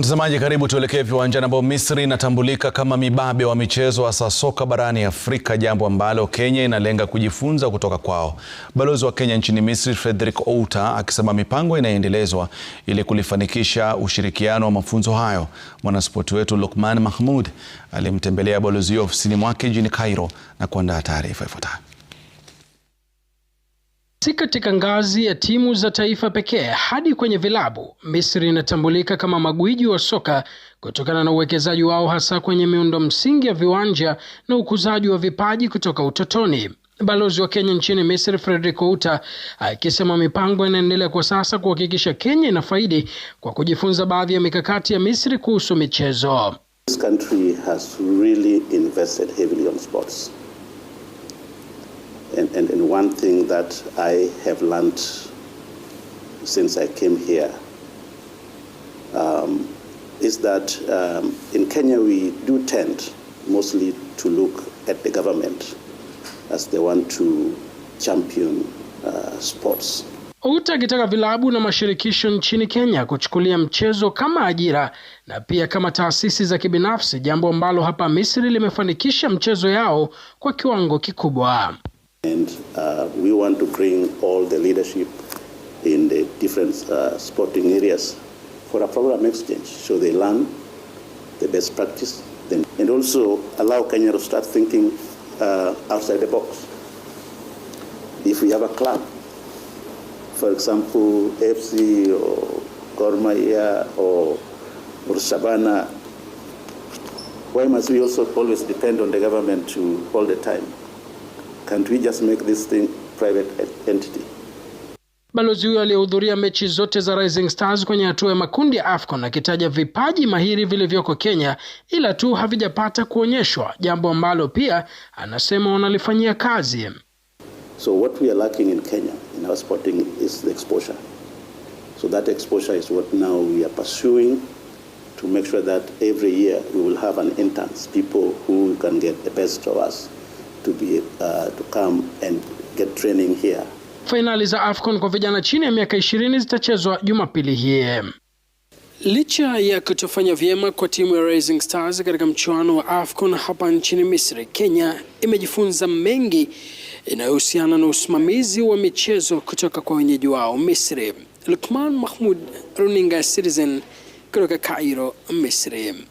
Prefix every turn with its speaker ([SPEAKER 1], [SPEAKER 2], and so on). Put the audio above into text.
[SPEAKER 1] Mtazamaji karibu, tuelekee viwanjani ambapo Misri inatambulika kama mibabe wa michezo hasa soka barani Afrika, jambo ambalo Kenya inalenga kujifunza kutoka kwao. Balozi wa Kenya nchini Misri Frederick Outa akisema mipango inaendelezwa ili kulifanikisha ushirikiano wa mafunzo hayo. Mwanaspoti wetu Lukman Mahmud alimtembelea balozi huyo ofisini mwake jijini Cairo na kuandaa taarifa ifuatayo.
[SPEAKER 2] Si katika ngazi ya timu za taifa pekee, hadi kwenye vilabu, Misri inatambulika kama magwiji wa soka kutokana na uwekezaji wao hasa kwenye miundo msingi ya viwanja na ukuzaji wa vipaji kutoka utotoni. Balozi wa Kenya nchini Misri Frederick Outa akisema mipango inaendelea kwa sasa kuhakikisha Kenya inafaidi kwa kujifunza baadhi ya mikakati ya Misri kuhusu michezo.
[SPEAKER 3] This country has really invested heavily on sports. And, and, and one thing that I have learned since I came here um, is that um, in Kenya we do tend mostly to look at the government as the one to champion uh, sports.
[SPEAKER 2] Uta akitaka vilabu na mashirikisho nchini Kenya kuchukulia mchezo kama ajira na pia kama taasisi za kibinafsi, jambo ambalo hapa Misri limefanikisha mchezo yao kwa kiwango kikubwa.
[SPEAKER 3] And uh, we want to bring all the leadership in the different uh, sporting areas for a program exchange so they learn the best practice then, and also allow Kenya to start thinking uh, outside the box. If we have a club, for example, FC or Gormaya or, or why must we also always depend on the government to all the time? Can't we just make this thing private entity?
[SPEAKER 2] Balozi huyo aliyehudhuria mechi zote za Rising Stars kwenye hatua ya makundi ya AFCON akitaja vipaji mahiri vilivyoko Kenya ila tu havijapata kuonyeshwa, jambo ambalo pia anasema wanalifanyia kazi.
[SPEAKER 3] So what we are lacking in Kenya in our sporting is the exposure. So that exposure is what now we are pursuing to make sure that every year we will have an interns, people who can get the best of us to be, uh, to come and get training here.
[SPEAKER 2] Fainali za AFCON kwa vijana chini ya miaka 20 zitachezwa Jumapili hii. Licha ya kutofanya vyema kwa timu ya Rising Stars katika mchuano wa AFCON hapa nchini Misri, Kenya imejifunza mengi inayohusiana na usimamizi wa michezo kutoka kwa wenyeji wao Misri. Lukman Mahmud, Runinga Citizen, kutoka Cairo, Misri.